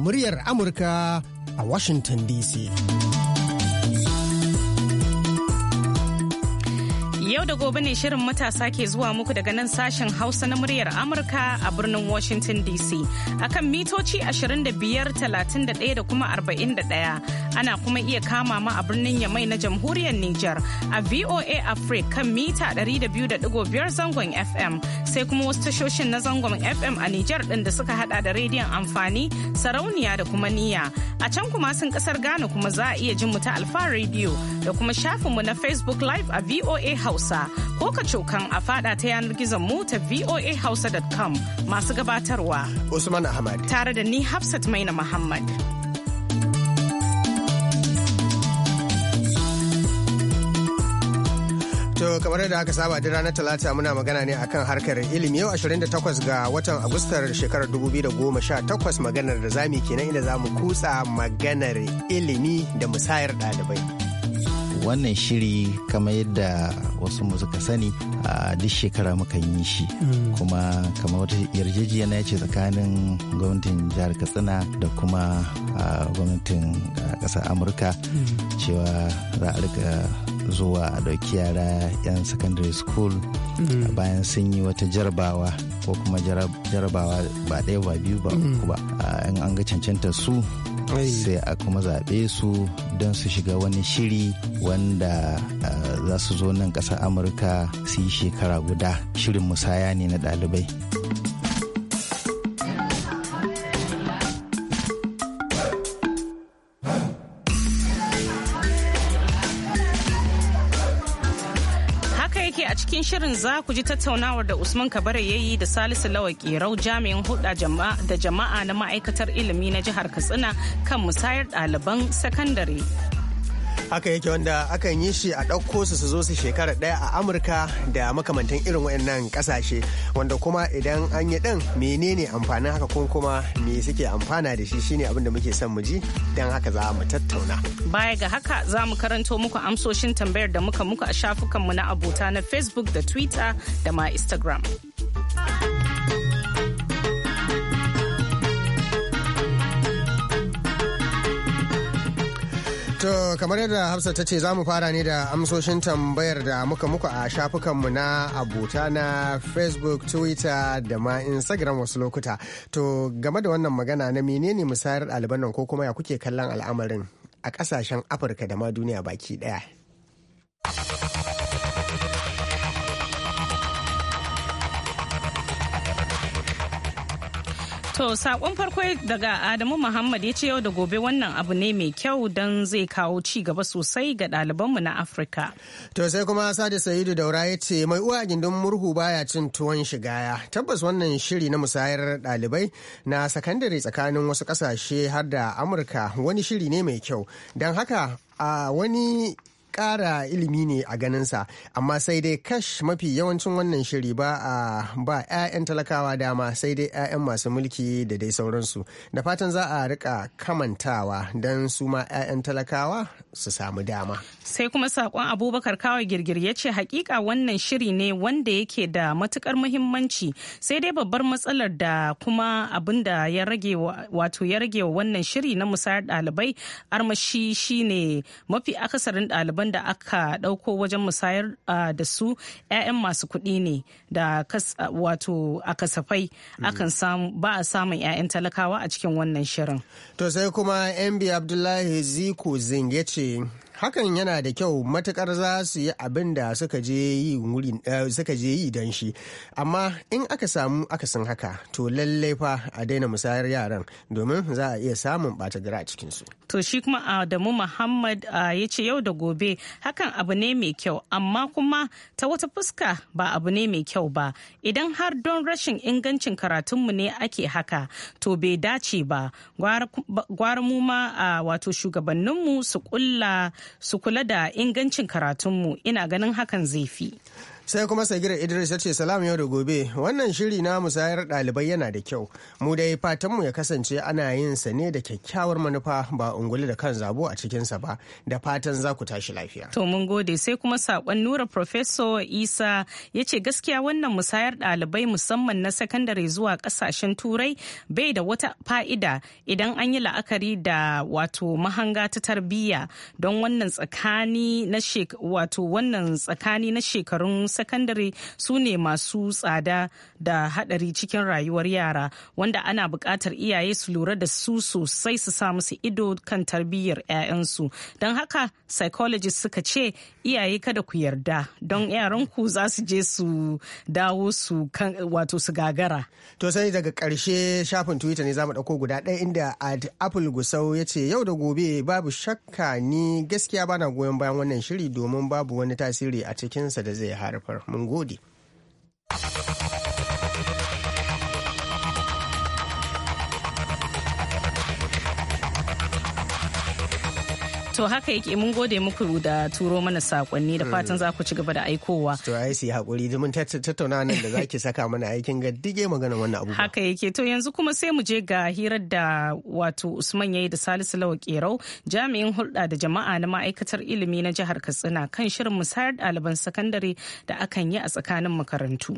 muryar Amurka a Washington DC. Yau da gobe ne shirin matasa ke zuwa muku daga nan sashen Hausa na muryar Amurka a birnin Washington DC akan mitoci 25, 31 da kuma 41. ana kuma iya kama mu a birnin Yamai na jamhuriyar Nijar a VOA Africa kan mita 200.5 zangon FM sai kuma wasu tashoshin na zangon FM a Nijar din da suka hada da rediyon amfani sarauniya da kuma niya. a can kuma sun kasar Ghana kuma za a iya jin mu ta Alfa Radio da kuma shafin mu na Facebook Live a VOA Hausa ko ka cokan a fada ta yanar gizon mu ta voahausa.com masu gabatarwa Usman Ahmad tare da ni Hafsat Maina Muhammad. kamar da aka saba da ranar Talata muna magana ne akan harkar ilimi yau 28 ga watan Agustar shekarar 2018 maganar da zamu kenan inda mu kutsa maganar ilimi da musayar ɗalibai. Wannan shiri kamar yadda wasu mu suka sani a duk shekara mukan yi shi mm. kuma kamar wata ya ce tsakanin gwamnatin jihar Katsina da kuma gwamnatin ƙasar Amurka mm. cewa za a rika zuwa a ɗauki yara 'yan secondary school mm. bayan sun yi wata jarabawa ko kuma jarabawa ba ɗaya ba biyu ba uku mm. ba in an ga cancanta su sai a kuma zaɓe su don su shiga wani shiri wanda za su zo nan ƙasar amurka su yi shekara guda shirin musaya ne na ɗalibai. shirin za ku ji tattaunawar da Usman Kabare ya yi da Salisu Lawa Kerau jami'in hulɗa da jama'a na ma'aikatar ilimi na jihar Katsina kan musayar ɗaliban sakandare haka yake wanda akan yi shi a ɗauko su su zo su shekara ɗaya a amurka da makamantan irin waɗannan ƙasashe wanda kuma idan an yi ɗin menene amfanin haka ko kuma me suke amfana da shi shine abin da muke son mu ji don haka za mu tattauna baya ga haka za mu karanto muku amsoshin tambayar da muka muku a shafukanmu na abota na facebook da twitter da ma instagram To kamar yadda Hafsa ta ce za mu fara ne da amsoshin tambayar da muka muku a shafukanmu na abota na Facebook, Twitter da ma Instagram wasu lokuta. To game da wannan magana na menene musayar ɗaliban nan ko kuma ya kuke kallon al'amarin a ƙasashen Afirka da ma duniya baki ɗaya. To sakon farko daga Adamu Muhammad ya ce yau da gobe wannan abu ne mai kyau don zai kawo ci gaba sosai ga ɗalibanmu na Afirka. To sai kuma Sadi Sa'idu Daura ya ce mai uwa gindin murhu baya cin tuwon shigaya. Tabbas wannan shiri na musayar ɗalibai na sakandare tsakanin wasu ƙasashe har da Amurka wani shiri ne mai kyau. Don haka a wani kara ilimi ne a ganinsa amma sai dai kash mafi yawancin wannan shiri ba a ba 'ya'yan talakawa dama sai dai 'ya'yan masu mulki da dai sauransu da fatan za a rika kamantawa don su ma 'ya'yan talakawa su samu dama sai kuma saƙon abubakar kawai girgir ya ce hakika wannan shiri ne wanda yake da matukar muhimmanci sai dai babbar matsalar da kuma abin da ya rage wato ya rage wa wannan shiri na musayar ɗalibai armashi shine mafi akasarin ɗalibai wanda da aka dauko wajen musayar da su 'ya'yan masu kuɗi ne da wato a kasafai mm. akan ba a samun 'ya'yan talakawa a cikin wannan shirin. To sai kuma MB Abdullahi Ziko Zinge ce hakan yana da kyau matukar za su yi abin da eh, suka je yi don shi amma in aka samu akasin haka to lallai fa a daina musayar yaran domin za a iya samun bata gara a cikinsu to shi kuma adamu muhammad ah, ya ce yau da gobe hakan abu ne mai kyau amma kuma ta wata fuska ba abu ne mai kyau ba idan har don rashin ingancin karatunmu ne ake haka to bai dace ba gwara mu ma ah, wato shugabanninmu su kulla su kula da ingancin karatunmu ina ganin hakan zai fi. sai kuma sagirar idris ya ce salam yau da gobe wannan shiri na musayar ɗalibai yana da kyau mu dai fatanmu ya kasance ana yin sa ne da kyakkyawar manufa ba unguli da kan zabo a cikinsa ba da fatan za ku tashi lafiya to mun gode sai kuma sakon nura professor isa ya ce gaskiya wannan musayar ɗalibai musamman na sakandare zuwa ƙasashen turai bai da wata fa'ida idan an yi la'akari da wato mahanga ta tarbiyya don wannan tsakani na wato wannan tsakani na shekarun sakandare su ne masu tsada da hadari cikin rayuwar yara wanda ana bukatar iyaye su lura da su sosai su sa musu ido kan tarbiyyar 'ya'yansu don haka psychologist suka ce iyaye kada ku yarda don yaranku za su je su dawo su kan wato su gagara to sai daga karshe shafin twitter ne zamu dauko guda ɗaya inda ad apple gusau ya ce yau da gobe babu shakka ni gaskiya bana goyon bayan wannan shiri domin babu wani tasiri a cikinsa da zai har Arfar. Mun gode. to haka yake mun gode muku da turo mana sakonni da fatan za ku ci gaba da aikowa to ai sai hakuri da mun tattauna nan da zaki saka mana aikin ga dige magana wannan abu haka yake to yanzu kuma sai mu je ga hirar da wato Usman yayi da Salisu Lawa Kerau jami'in hulɗa da jama'a na ma'aikatar ilimi na jihar Katsina kan shirin musayar ɗaliban sakandare da akan yi a tsakanin makarantu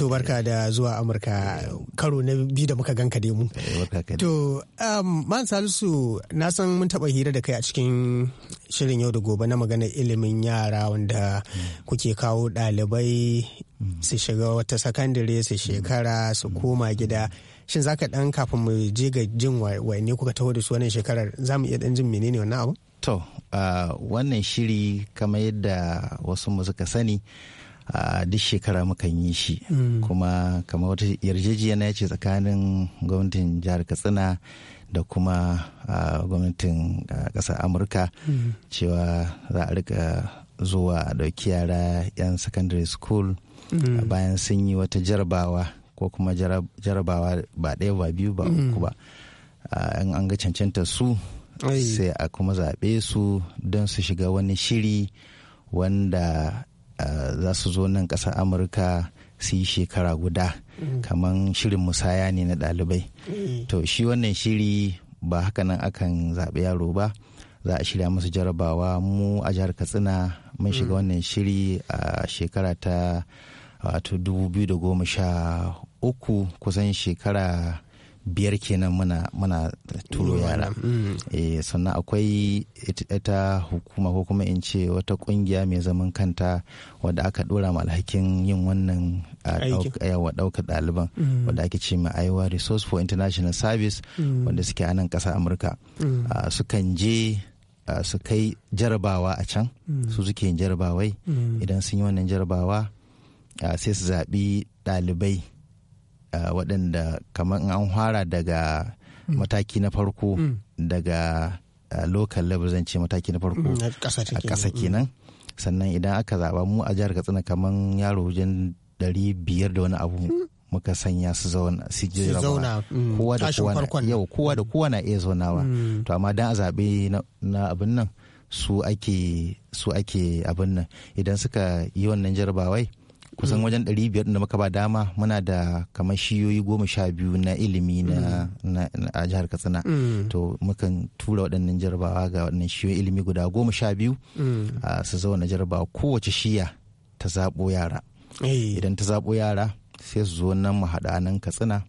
To barka da zuwa Amurka karo na biyu da muka ganka da mu. Eh, to um, man salisu na san mun taɓa hira da kai a cikin shirin yau da gobe na maganar ilimin yara wanda kuke kawo ɗalibai su shiga wata sakandare su shekara su koma gida. Shin za ka ɗan kafin mu je ga jin ne kuka taho da su wannan shekarar za mu iya ɗan jin menene wannan abu? To, uh, wannan shiri kamar yadda wasu mu suka sani. a duk shekara mukan yi shi kuma kamar wata yarjejeniya ce tsakanin gwamnatin jihar katsina da kuma gwamnatin ƙasar amurka cewa za a rika zuwa ɗauki yara 'yan secondary school bayan sun yi wata jarabawa ko kuma jarabawa ba ɗaya ba biyu ba uku ba in an ga cancanta su sai a kuma zaɓe su don su shiga wani shiri wanda Eh, za su zo nan ƙasar amurka su yi shekara guda mm. kamar shirin musaya ne na ɗalibai mm. to shi wannan shiri ba haka nan akan zaɓi yaro ba za a shirya musu jarabawa mu a jihar katsina mun shiga mm. wannan shiri a shekara ta wato 2013 kusan shekara biyar kenan muna muna turo yara mm. eh sannan akwai ita hukuma ko kuma in ce wata kungiya mai zaman kanta wadda aka dora ma alhakin yin wannan wa daukar ɗaliban mm. wadda ake ce ma Iowa Resource for International Service mm. wanda suke a nan ƙasa Amurka sukan je su kai jarabawa a can su suke yin jarabawai idan sun yi wannan jarabawa sai su zaɓi ɗalibai waɗanda kamar an fara daga mm. mataki na farko mm. daga local level zan ce mataki na farko mm, a ƙasa kenan sannan idan aka zaɓa mu a jihar katsina kamar yaro wajen ɗari biyar da wani abu muka sanya su zauna su je kowa da kowa yau kowa da kowa na iya zaunawa to amma dan a zaɓe na abin nan su ake su ake abin nan idan suka yi wannan jarabawai kusan mm. wajen 500 da muka ba dama muna da kamar shiyoyi goma sha biyu na ilimi na mm. a jihar katsina mm. to mukan tura waɗannan jarabawa ga waɗannan shiyoyi ilimi guda goma sha biyu su zauna jarabawa kowace shiya ta zaɓo yara eh. idan ta zaɓo yara sai su zo nan mu haɗa nan katsina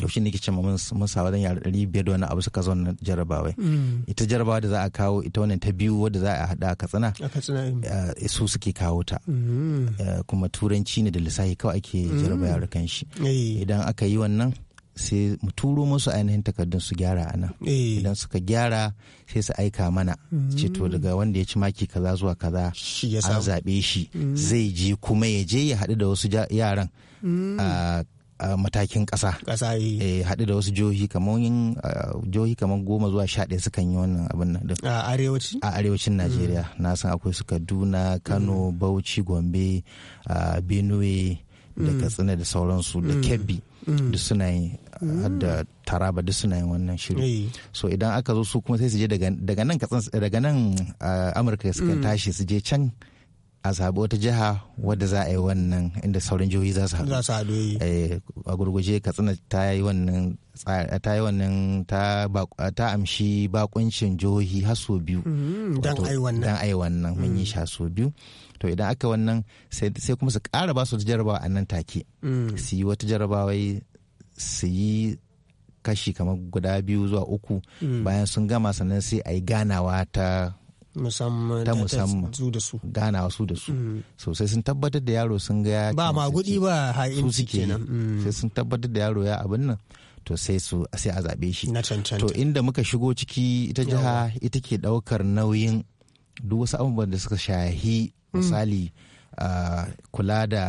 yaushe ne ke mun mun sa wadan yara ɗari biyar da wani abu suka zo na jarabawai mm. ita jarabawa da za a kawo ita wannan ta biyu wadda za a hada a katsina mm. eh, su suke kawo ta mm. eh, kuma turanci ne da lissafi kawai ake jaraba yara kan shi eh. idan aka yi wannan sai mu turo musu ainihin takardun su gyara a nan idan suka gyara sai su aika mana ceto daga wanda ya ci maki kaza zuwa kaza an zaɓe shi zai je kuma ya je ya haɗu da wasu yaran ah, a matakin ƙasa ƙasa eh. eh haɗu da wasu jihohi kamar jihohi kamar goma zuwa sha ɗaya sukan yi wannan abin nan din a arewacin a arewacin Najeriya mm. na san akwai su Kaduna Kano mm. Bauchi Gombe Benue da mm. Katsina da sauransu da Kebbi duk suna yi da taraba duk suna yin wannan shiru eh. so idan aka zo su kuma sai su je daga nan daga nan amurka suka tashi su je can a zaɓi wata jiha wadda za a yi wannan inda sauran jihohi za su haɗu eh. Eh, a gurguje katsina ta yi wannan ta yi wannan ta amshi bakuncin jihohi har sau biyu mhm, don yi wannan mun yi mm. sha sau biyu to idan aka wannan sai kuma su ƙara ba su jarabawa a nan take mm. su yi wata jarabawa su yi kashi kamar guda biyu zuwa uku mm. bayan sun gama sannan sai a yi ganawa ta ta musamman su da su ganawa su da su mm. sosai sun tabbatar da yaro sun ga ba ma gudi ba su suke mm. sai sun tabbatar da yaro ya abin nan to sai su sai a zabe shi to inda muka shigo ciki ita jiha ita ke daukar nauyin duk wasu abubuwan da suka shahi mm. misali kula da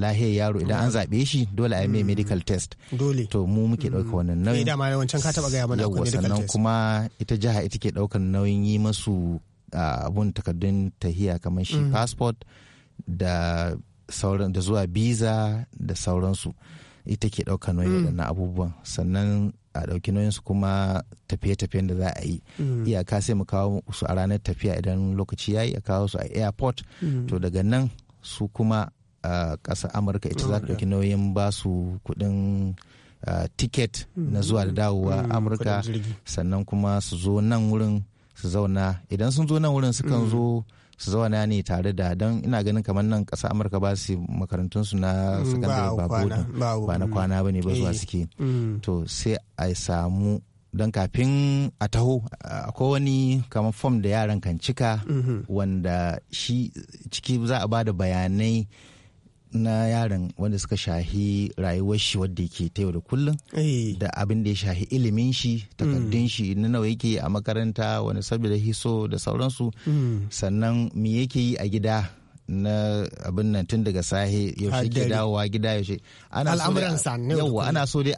lahiyar yaro idan an zaɓe shi dole a yi mai medical test dole to mu muke ɗauka wannan nauyin da ma yawancin ka taɓa gaya mana sannan kuma ita jiha ita ke ɗaukar nauyin yi masu abun takardun tahiya kamar shi mm. passport da sauran da zuwa visa da sauransu ita ke ɗauka nauyin mm. na abubuwan sannan a ɗauki nauyinsu kuma tafiye-tafiyen da za a yi mm. iyaka sai mu kawo su a ranar tafiya idan lokaci ya yi a kawo su a airport to daga nan su kuma a ƙasa amurka ita za ta ɗauki nauyin ba su kuɗin tiket na zuwa da dawowa amurka sannan kuma su zo nan wurin su zauna idan sun zo nan wurin sukan mm. zo su zauna ne tare da don ina ganin kamar nan ƙasa amurka ba su makarantun su na mm, sakandare ba na kwana ba ne ba zuwa eh. suke mm. to sai a samu don kafin a taho akwai wani kamar fom da yaran kan cika mm-hmm. wanda shi ciki za a ba da bayanai na yaran wanda suka shahi rayuwar shi wadda yake ta yau da kullum eh. da abin da ya shahi ilimin shi takardun mm. shi na nawa yake a makaranta wani saboda hiso da sauransu mm. sannan me yake yi a gida na abin nan tun daga sahe yaushe ke dawowa gida yaushe Al'amuran sa ne ana so dai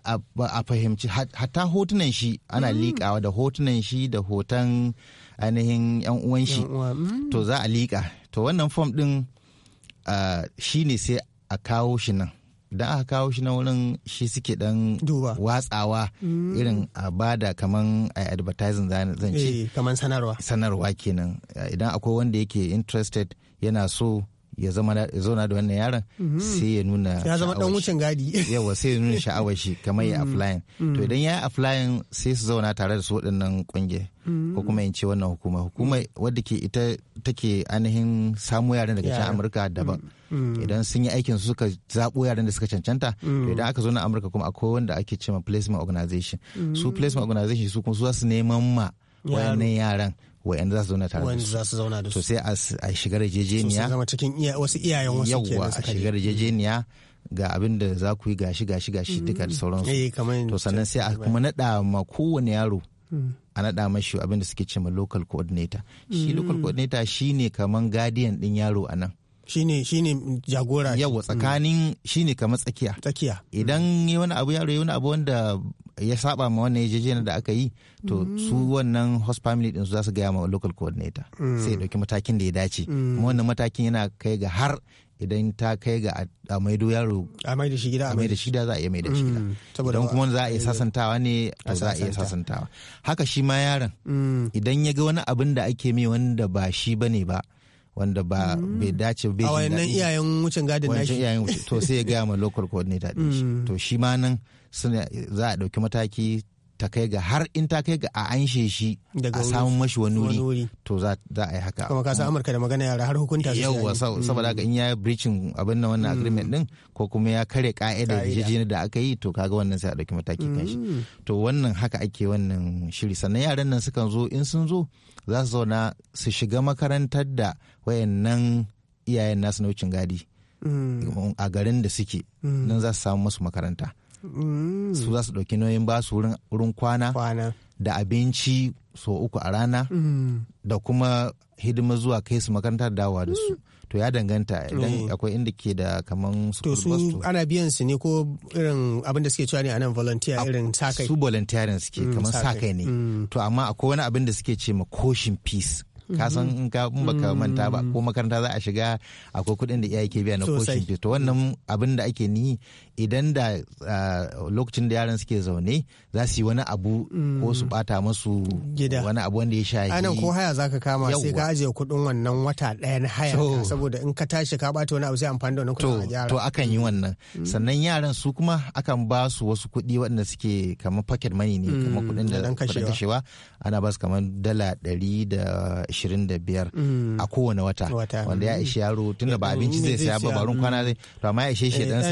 a fahimci hatta hotunan shi ana mm. liƙawa da hotunan shi da hoton ainihin yan uwan shi to za a liƙa to wannan fom din shi ne sai a kawo shi nan idan aka kawo shi na wurin shi suke dan watsawa mm. irin a bada kaman a advertising zan ce eh, kaman sanarwa sanarwa kenan idan akwai wanda yake interested yana so ya zama zauna da wannan yaron mhm. sai ya nuna ya zama dan wucin gadi yawa sai ya nuna sha'awar shi kamar ya mhm. applying to mhm. idan ya applying sai su zauna tare da su waɗannan kungiya ko kuma in ce wannan hukuma hukuma wadda ke ita take ainihin samu yaran daga can Amurka daban mm. Mm. idan sun yi aikin su suka zabo yaran da suka cancanta to mm. idan aka zo na Amurka kuma akwai wanda ake cewa placement organization su placement organization su kuma su za su neman ma wayannan yaran wa'anda za su zauna tare da su. za su zauna da su. To sai a shigar jejeniya. Su zama cikin wasu iyayen wasu kenan Yawwa a shiga jejeniya ga abin da za ku yi gashi gashi gashi duka da mm. sauransu. Eh, to sannan sai a kuma naɗa ma kowane yaro. Mm. a naɗa mashi abin da suke cewa local coordinator. Shi mm. local coordinator shi ne kaman guardian din yaro a nan. shine shine jagora yawa tsakanin shine kamar tsakiya tsakiya idan wani abu yaro yi wani abu wanda ya saba ma wannan yarjejeniyar da aka yi to su mm. wannan host family din su za su gaya ma local coordinator mm. sai ya dauki matakin da ya dace mm. kuma wannan matakin yana kai ga har idan ta kai ga a maido yaro a maida shi gida a maida shi gida za a iya maida shi gida idan kuma za a iya eh, sasantawa ne to za a iya sasantawa haka shi ma yaron idan ya ga wani abin da ake mai wanda ba shi bane ba wanda ba mm. bai dace bai a wayannan iyayen wucin gadin nashi iyayen wucin to sai ya gaya ma local coordinator din shi mm. to shi ma nan za a dauki mataki ta kai ga har in ta kai ga a an shi a samun mashi wani wuri to za a yi haka kuma kasa mm. amurka da magana yara har hukunta su yawa saboda ga mm. in ya breachin abin na wannan mm. agreement din ko kuma ya kare da jijini da aka yi to kaga wannan sai a dauki mataki kan to wannan haka ake wannan shiri sannan yaran nan sukan zo in sun zo za su zauna su shiga makarantar da wayannan iyayen nasu na wucin gadi a garin da suke nan za su samu masu makaranta Mm. su za su ɗauki nauyin ba su wurin kwana da abinci so uku a rana mm. da kuma hidima zuwa kai su makarantar dawa da su mm. to ya danganta idan akwai inda ke da kaman to su ana biyan su ne ko irin abin da suke cewa ne anan volunteer irin sakai su volunteering suke kaman sakai ne to amma akwai wani abin da suke ce ma koshin peace ka san mm-hmm. in ka in baka manta ba ko mm-hmm. makaranta za a shiga akwai kuɗin da iyaye ke biya na koshin fee to wannan abin da ake ni idan da lokacin da yaran suke zaune za su yi wani abu mm. ko su bata musu wani abu wanda ya shafi anan ko haya zaka kama sai ka ajiye kuɗin wannan wata ɗaya na haya saboda in ka tashi ka bata wani abu sai amfani da wani kuɗin a gyara to akan yi wannan mm. sannan yaran su kuma akan ba su wasu kuɗi waɗanda suke kamar pocket money ne kamar mm, kuɗin da kashewa ana ba su kamar dala ɗari da ishirin da biyar mm. a kowane wata wanda ya ishe yaro tun da ba abinci zai mm. saya ba barun kwana zai to amma ya ishe shi eh, dan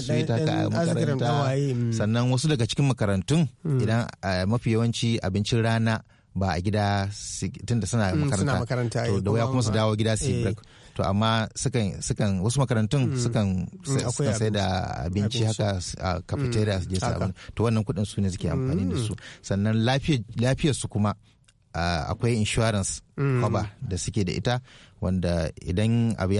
suita eh, eh, ka makaranta mm. sannan wasu daga cikin makarantun idan mafi yawanci abincin rana ba a gida tun da suna makaranta to da waya kuma su dawo gida su break to amma sukan sukan wasu makarantun sukan sai da abinci haka a cafeteria su je sabon to wannan kudin su ne suke amfani da su sannan lafiyar su kuma akwai insurance Mm. kwaba da suke da ita wanda idan abu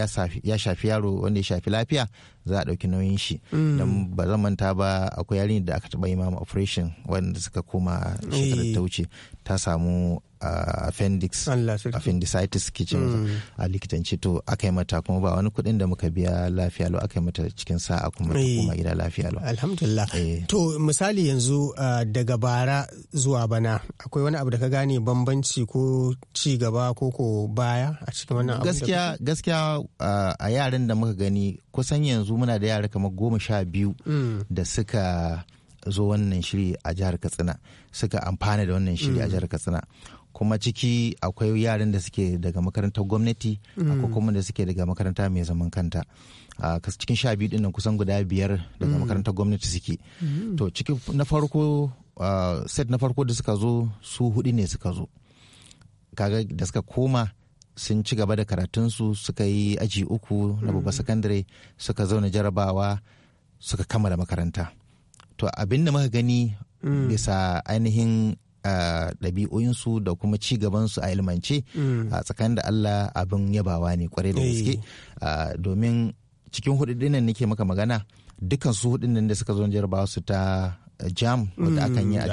ya shafi yaro wanda ya shafi lafiya za a ɗauki nauyin shi mm. don ba zan manta ba akwai yarin da aka taɓa yi mama operation wanda suka koma shekarar ta eh. wuce ta samu appendix appendicitis kicin. Mm. a likitanci to aka yi mata kuma ba wani kuɗin da muka biya lafiya lo aka yi mata cikin sa'a kuma ta eh. koma gida lafiya lo alhamdulillah eh. to misali yanzu daga bara zuwa bana akwai wani abu da ka gane bambanci ko ci gaba ko ko baya a cikin wannan gaskiya gaskiya a yaran da muka gani kusan yanzu muna da yara kamar goma sha biyu mm. da suka zo wannan shiri a jihar katsina suka amfana da wannan shiri a mm. jihar katsina kuma ciki akwai yaran da suke daga makarantar gwamnati mm. akwai kuma da suke daga makaranta mai zaman kanta a cikin sha biyu dinnan kusan guda biyar daga makarantar gwamnati suke to ciki na farko set na farko da suka zo su hudu ne suka zo kaga da suka koma sun ci gaba da karatunsu suka yi aji uku na babba mm. sakandare suka zauna jarabawa suka kammala makaranta to abin da muka gani mm. bisa ainihin ɗabi'oyinsu da kuma ci gabansu a ilmance mm. a tsakanin da Allah abin yabawa ne kwarai da gaske eh. domin cikin hudu dinnan nake maka magana dukkan su hudun da suka zo jarabawa su ta jam wadda mm, akan yi a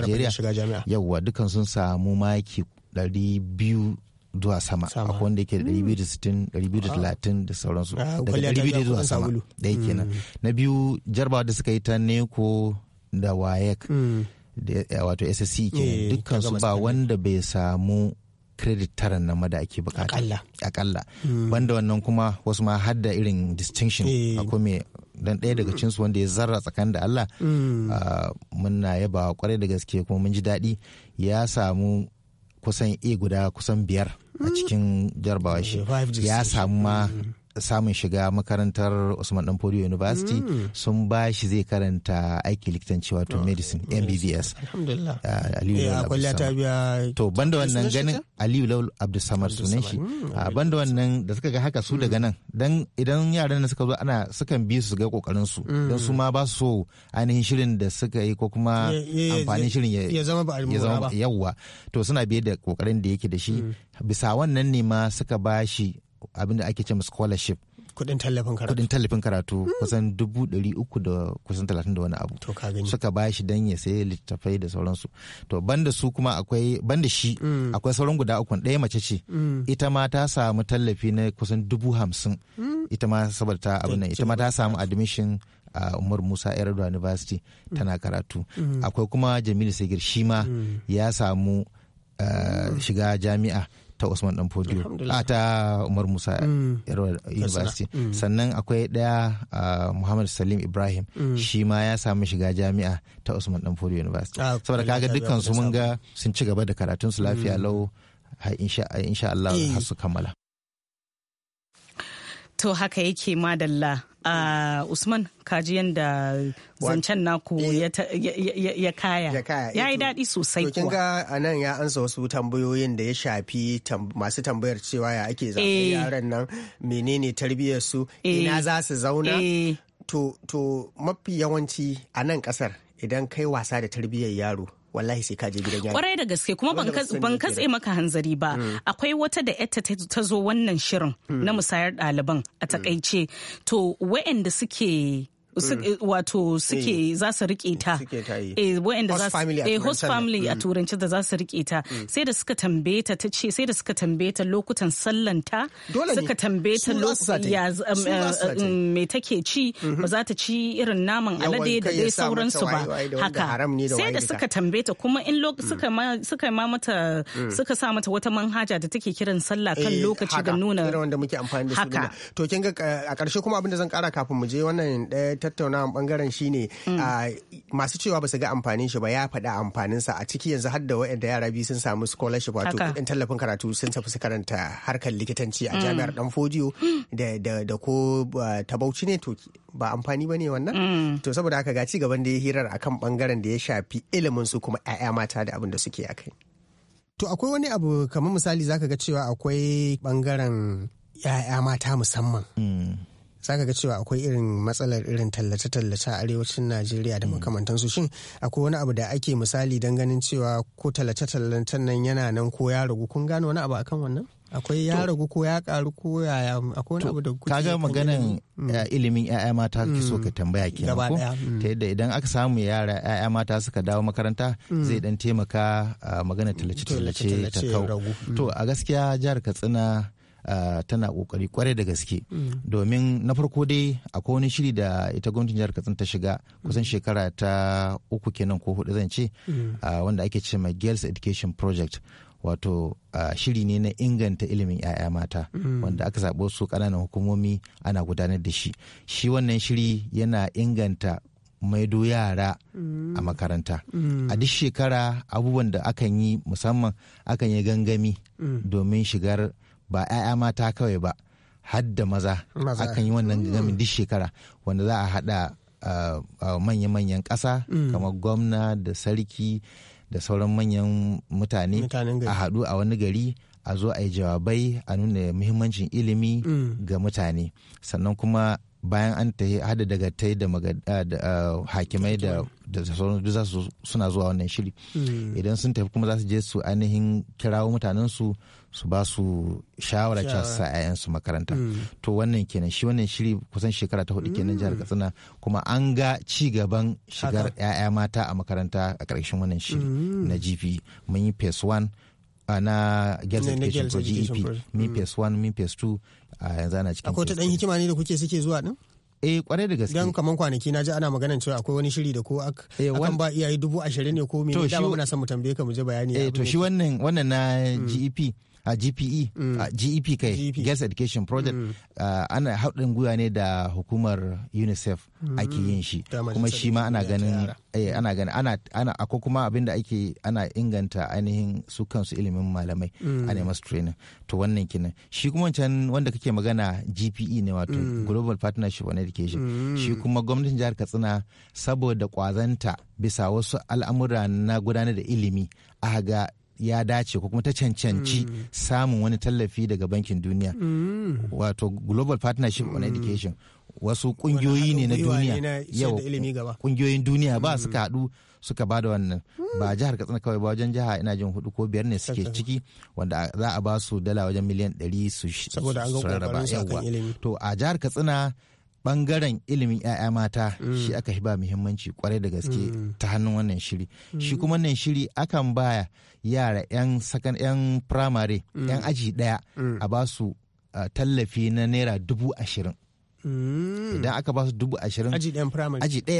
Najeriya yawwa dukan sun samu maki 200 zuwa sama akwai wanda yake 260 230 mm. ah. da sauransu ah, daga 200 zuwa sama da yake nan mm. na biyu jarba da suka yi ta neko da wayek eh, wato ssc ke eh, dukkan su ba wanda bai samu credit tara nan da ake bukata akalla banda wannan kuma wasu ma hadda irin distinction eh. akwai mai dan ɗaya daga mm. cinsu wanda ya zarra tsakanin da Allah mm. muna yaba kwarai da gaske kuma mun ji daɗi ya samu kusan a guda kusan biyar a mm. cikin jarbawa shi ya samu ma samun shiga makarantar Usman Danfodiyo University hmm. sun ba shi zai karanta aiki likitanci wato ah, medicine MBBS. Alhamdulillah. Ah, Aliyu eh, Lawal To banda wannan ganin Aliyu Lawal Abdulsamad sunan shi. Ah, hmm, banda wannan da suka ga haka su hmm. daga nan dan idan yaran da suka zo ana sukan bi su ga kokarin su don su ma ba su so ainihin shirin da suka yi ko kuma amfanin shirin ya zama ba yawwa to suna biye da kokarin da yake da shi bisa wannan ne ma suka ba shi abin da ake ce scholarship kudin tallafin karatu kudin tallafin karatu kusan dubu ɗari uku da kusan talatin da wani abu to ka gani suka ba shi dan ya sayi littafai da sauransu to banda su kuma akwai banda shi mm. akwai sauran guda uku ɗaya mace ce mm. ita ma ta samu tallafi na kusan dubu hamsin mm. ita ma saboda ta abin nan ita ma ta samu admission a umar musa erdo university tana karatu akwai kuma jamilu sigir shi ma ya samu eh, shiga jami'a ta Usman Dan Podio a ta Umar Musa mm. University mm. sannan akwai daya ah, Muhammad Salim Ibrahim mm. shi ma ya samu shiga jami'a ta Usman Dan Podio University ah, saboda kaga dukkan su mun ga sun ci gaba da karatun su lafiya lau insha Allah eh. har su kammala To haka yake madalla. Uh, Usman kaji yadda zancen naku ya kaya ya eh, yi daɗi sosai kuwa. kin ga a nan ya ansa wasu tambayoyin da ya shafi masu tambayar cewa ya ake zaɓen eh. yaran nan menene tarbiyyar su eh. ina za su zauna to mafi yawanci a nan ƙasar idan kai wasa da tarbiyyar yaro wallahi sai ka je gidan yari kwarai da gaske kuma ban katse maka hanzari ba hmm. akwai wata da yatta ta zo wannan shirin hmm. na musayar ɗaliban a hmm. takaice to waɗanda suke Mm. Eh, wato suke eh. za su rike ta eh, eh host family a mm. turanci da za su rike ta mm. sai da suka tambaye ta ta ce sai da suka tambaye ta lokutan sallanta suka tambaye ta lokutan um, uh, um, me take ci mm-hmm. ba za ta ci irin naman alade da dai sauransu ba haka sai da suka tambaye ta kuma in suka ma mata suka sa mata wata manhaja da take kiran sallah kan lokaci da nuna haka to kin ga a karshe kuma abin da zan kara kafin mu je wannan ɗaya tattaunawa bangaren shine mm. ah, masu cewa ba su ga amfanin shi ba ya faɗa amfanin sa a ciki yanzu har da waɗanda yara biyu sun samu scholarship wato kuɗin tallafin karatu sun tafi su karanta harkar likitanci a mm. jami'ar dan fodiyo da ko ta bauchi ne to ba amfani ba wannan mm. to saboda haka ga ci gaban da ya hirar akan bangaren da ya shafi ilimin su kuma 'ya'ya mata da abin da suke a kai To akwai wani abu kamar misali zaka ga cewa akwai bangaren ‘ya'ya mata musamman. zaka ga cewa akwai irin matsalar irin tallace-tallace a arewacin najeriya da mm. makamantansu shin akwai wani abu da ake misali don ganin cewa ko tallace-tallacen nan yana nan ko ya ragu kun gane wani abu akan wannan akwai ya ragu ko ya karu ko yaya akwai wani abu da kuke kaga maganan mm. ilimin yaya mata ki so ka mm. tambaya kenan ko ta yadda idan aka samu yara yaya mata suka dawo makaranta zai dan taimaka magana tallace tallace ta kau to a gaskiya jihar Katsina tana kokari kwarai da gaske mm. domin na farko dai akwai wani shiri da ita gwamnatin jihar katsina ta shiga kusan mm. shekara ta uku kenan ko hudu zan ce mm. wanda ake ce ma girls education project wato uh, shiri ne na inganta ilimin 'ya'ya mata mm. wanda aka zaɓo su ƙananan hukumomi ana gudanar da shi shi wannan shiri yana inganta maido yara a makaranta a duk shekara abubuwan da akan yi musamman akan yi gangami domin shigar ba 'ya'ya mata kawai ba har da maza akan yi wannan mm. gamin duk shekara wanda za a haɗa manya-manyan ƙasa mm. kamar gwamna da sarki da sauran manyan mutane a haɗu a wani gari a zo a yi jawabai a nuna muhimmancin ilimi mm. ga mutane sannan kuma bayan an ta hada daga tai da ah, ah, hakimai da da suna zuwa wannan shiri hmm. idan sun tafi kuma za su je su ainihin kirawo mutanensu su ba su shawara cewa su sa su makaranta hmm. to wannan kenan shi wannan shiri kusan shekara ta hudu kenan jihar hmm. katsina kuma an ga ci gaban shigar 'ya'ya mata a makaranta a ƙarshen wannan shiri na gp mun yi phase one Ah, na girls education pro gep MPS 1 MPS 2 a yanzu ana cikin akwai ta dan hikima ne da kuke suke zuwa din eh kwarai da gaske dan kaman kwanaki na ji ana magana cewa akwai wani shiri da ko eh, akan ba iyaye dubu ashirin ne ko me da muna son mu tambaye ka mu je bayani eh to shi wannan wannan na mm. gep a GPE mm. a GEP kai e Girls Education Project mm. uh, ana haɗin gwiwa ne da hukumar UNICEF mm. ake yin shi kuma shi ma ana ganin eh, ana ganin ana ana kuma abin da ake ana inganta ainihin su kansu ilimin malamai ana masu training to wannan kenan shi kuma wancan wanda kake magana GPE ne wato Global Partnership on Education shi kuma gwamnatin jihar Katsina saboda kwazanta bisa wasu al'amura na gudanar da ilimi aka ga ya dace ko kuma ta cancanci mm. samun wani tallafi daga bankin duniya mm. wato global partnership on mm. education wasu kungiyoyi ne na duniya yau kungiyoyin duniya ba suka haɗu suka ba da wannan ba jihar katsina kawai ba wajen jiha ina jin hudu ko biyar ne suke ciki wanda za a ba su dala wajen miliyan ɗari su rarraba yawa to a jihar katsina bangaren ilimin 'ya'ya mata mm. shi aka ba muhimmanci kwarai da gaske mm. ta hannun wannan shiri mm. shi kuma wannan shiri akan baya yara 'yan sakan 'yan firamare 'yan aji daya a ba su uh, tallafi na naira dubu ashirin idan aka ba su dubu ashirin aji daya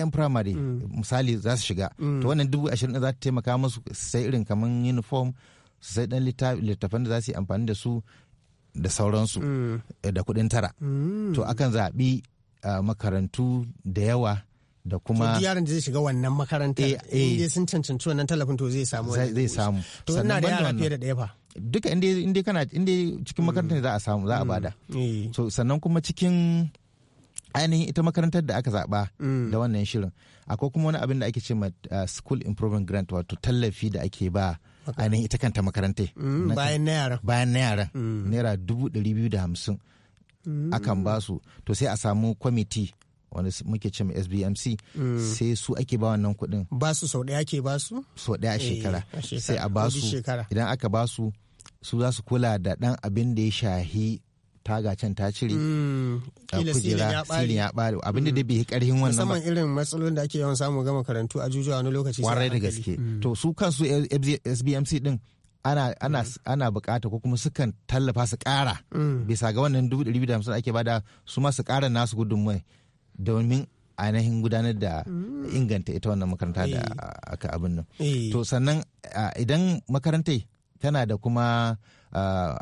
yan firamare misali za su shiga to wannan dubu ashirin za ta taimaka musu sai irin kamar uniform su sai ɗan littafan da za su yi amfani da su da sauransu eh, da kuɗin tara to akan zaɓi makarantu da yawa da kuma to yaran da zai shiga wannan makaranta eh, eh. inda sun cancanci wannan tallafin to zai samu zai samu to ina da yara fiye da ɗaya fa duka inda inda kana inda cikin mm. makarantar ne za a samu za a mm. bada eh. so sannan kuma cikin ainihin ita makarantar da aka zaba mm. da wannan shirin akwai kuma wani abin da ake ce ma uh, school improvement grant wato tallafi da ake ba ainihin ita kanta makarantar. bayan na yara bayan na yara naira dubu ɗari biyu da hamsin Mm. akan ba su to sai a samu kwamiti wanda muke cin sbmc mm. sai su ake ba wannan kuɗin ba su sau ɗaya ke ba su sau ɗaya eh, a shekara sai a ba su idan aka ba su su za su kula da ɗan abin da ya shahi taga can ta cire mm. kujera silin ya ɓare abin da bai karhin wannan musamman irin matsalolin da ake yawan samu gama karantu a jujuwa wani lokaci sai da gaske to su kansu eh, sbmc din ana ana mm. ana bukata ko kuma sukan tallafa su kara mm. bisa ga wannan dubu ɗari da hamsin ake bada su ma su kara nasu gudunmai domin ainihin gudanar da mm. inganta ita wannan makaranta da eh. aka abin nan eh. to sannan idan makarantai tana da kuma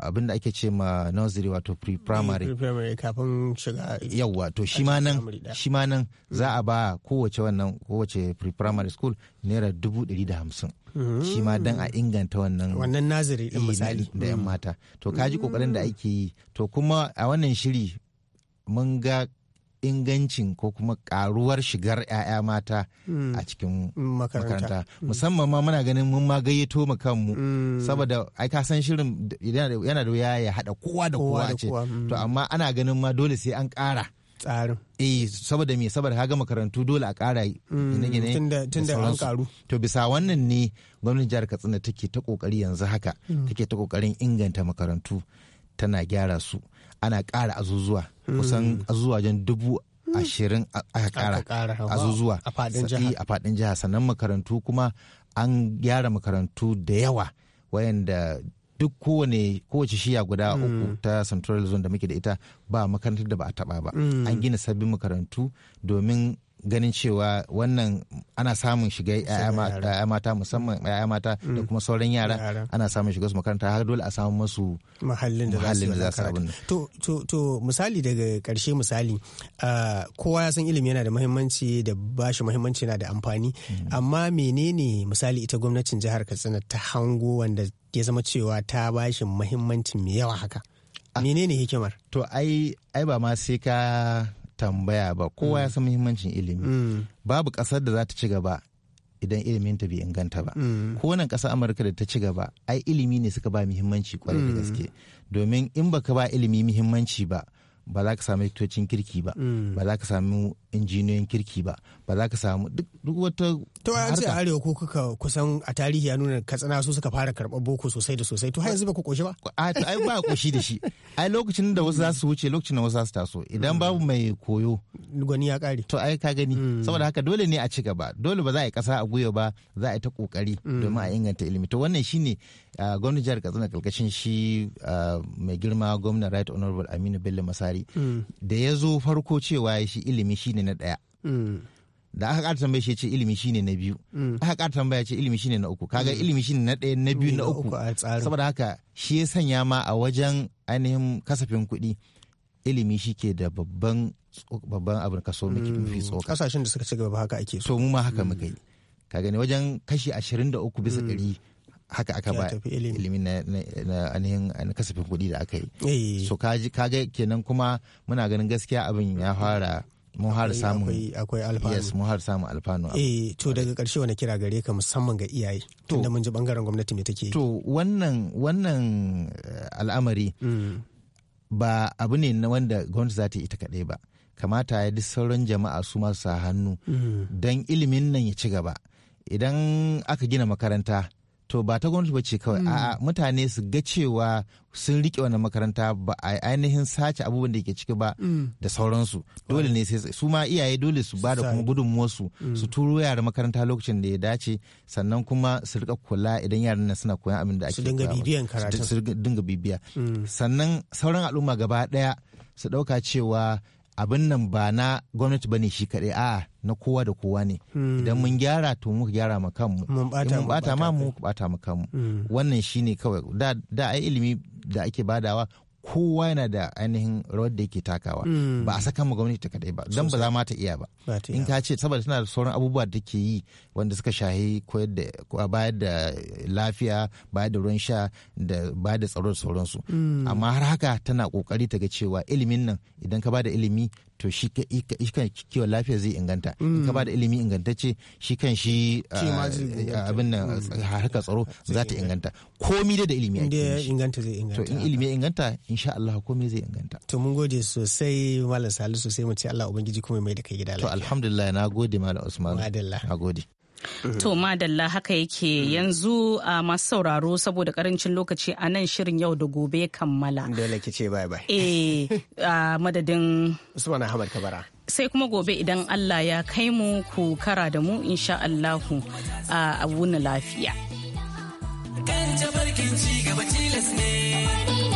abin da ake ce ma nursery wato pre-primary eh, kafin shiga yawa to shi ma nan shi ma nan za a ba kowace wannan kowace pre-primary school naira dubu ɗari da hamsin shi ma hmm. dan a inganta wannan wannan naziri din eh, misali da hmm. yan mata to kaji hmm. kokarin da ake yi to kuma a wannan shiri mun ga ingancin ko kuma karuwar shigar 'ya'ya mata a cikin makaranta musamman ma muna ganin mun ma gayyato mu kanmu saboda ai ka san shirin yana da wuya ya hada kowa da kowa ce to amma ana ganin ma dole sai an kara tsarin eh saboda me saboda kaga makarantu dole a kara mm, gine-gine tunda an karu to bisa wannan ne gwamnatin jihar Katsina take ta kokari yanzu haka mm. take ta kokarin inganta makarantu tana gyara su ana kara azuzuwa mm. kusan azuzuwa jan dubu ashirin aka kara azuzuwa a fadin eh, jiha sannan makarantu kuma an gyara makarantu da yawa wayanda duk kowane kowace shiya guda mm. uku ta central zone da muke da ita ba makarantar da ba a taba ba an mm. gina sabbin makarantu domin ganin cewa wannan ana samun shiga ya'ya mata musamman ya'ya mata da mm. kuma sauran yara ana samun shiga su makaranta har dole a samu masu mahallin da za su abin to misali daga karshe misali kowa ya san ilimi yana da muhimmanci da bashi muhimmanci yana da amfani mm. amma menene misali ita gwamnatin jihar Katsina ta hango wanda ya zama cewa ta bashi muhimmanci mai yawa haka ah. menene hikimar to ai ba ma sai ka tambaya ba kowa ya mm. san muhimmancin ilimi mm. babu ƙasar da za ta ci gaba idan ilimin ta bai inganta ba mm. ko nan ƙasar amurka da ta ci gaba ai ilimi ne suka ba muhimmanci kwarai da gaske domin in baka ba ilimi muhimmanci ba ba za ka samu likitocin kirki ba ba za ka samu injiniyoyin kirki ba ba za ka samu duk wata to an ce arewa ko kuka kusan a tarihi ya nuna katsina su suka fara karɓar boko sosai da sosai to har yanzu ba ku koshi ba a to ai ba koshi da shi ai lokacin da wasu za su wuce lokacin da wasu za su taso idan mm. babu mai koyo gwani ya kare to ai ka gani mm. saboda haka dole ne a ci gaba dole ba za a yi kasa a gwiwa ba za a yi ta kokari mm. domin a inganta ilimi to wannan shine gwamnati jihar katsina karkashin shi mai girma gwamnan right honorable aminu bello masari da ya zo farko cewa shi ilimi shine na daya da aka ƙara tambaya shi ce ilimi shine na biyu mm. aka ƙara tambaya ce ilimi shine na uku kaga mm. ilimi shine na ɗaya na biyu na uku saboda haka shi ya sanya ma a wajen ainihin kasafin kuɗi ilimi shi ke da babban babban abin kaso mm. mafi tsoka kasashen da suka ci gaba haka ake so mu ma haka muka yi ka gani wajen kashi ashirin da uku bisa ɗari haka aka ba ilimi na ainihin kasafin kuɗi da aka yi eh. so ka ga kenan kuma muna ganin gaskiya abin ya fara mun har samu akwai alfanu yes mun har samu alfanu eh to daga karshe wani kira gare ka musamman ga iyaye tunda mun ji bangaren gwamnati me take to wannan wannan eh, al'amari mm. ba abu ne na wanda gwamnati za ta yi ita kadai ba kamata ya duk sauran jama'a su masu sa hannu mm. don ilimin nan ya ci gaba idan aka gina makaranta to ba ta gwamnati ba ce kawai hmm. a'a mutane su ga cewa sun rike wannan makaranta ba a ainihin sace abubuwan da ke ciki ba hmm. da sauransu dole ne sai su ma iyaye dole su ba da kuma gudunmuwarsu hmm. su turo yara makaranta lokacin da ya dace sannan kuma su rika kula idan yaran nan suna koyan abin da ake su dinga bibiyan karatu su dinga bibiya sannan sauran al'umma gaba ɗaya su ɗauka cewa abin nan ba na gwamnati ba ne shi kaɗai a na kowa da kowa ne hmm. idan mun gyara to mu gyara ma kanmu mun bata ma mu bata ma kanmu hmm. wannan shine kawai da da ai ilimi da ake badawa kowa yana da ainihin rawar da yake takawa mm. ba a saka gwamnati ta kadai ba don ba za ma ta iya ba in ka ce saboda tana da sauran abubuwa da take yi wanda suka shahi koyar da bayar da lafiya bayar da ruwan sha da bayar da tsaro da sauransu mm. amma har haka tana kokari ta ga cewa ilimin nan idan ka ba da ilimi to shi kan kiwon lafiya zai inganta in ka mm. ba da ilimi ingantacce shi kan shi ah, ah, abin nan mm. ah, harkar tsaro za ta inganta komi da ilimi ake inganta zai inganta to in ilimi ya inganta insha Allah komi zai inganta to mun gode sosai malam Salisu sai mu ce Allah ubangiji kuma mai da kai gida lafiya to alhamdulillah na gode malam Usman madalla na gode To madalla haka yake mm. yanzu a masu sauraro saboda karancin lokaci a nan shirin yau da gobe kammala. Dole ki ce bye bye. Eh a madadin. Usman Ahmad Kabara. Sai kuma gobe idan Allah ya kai mu ku kara da mu insha Allahu a na lafiya. Kan ci gaba tilas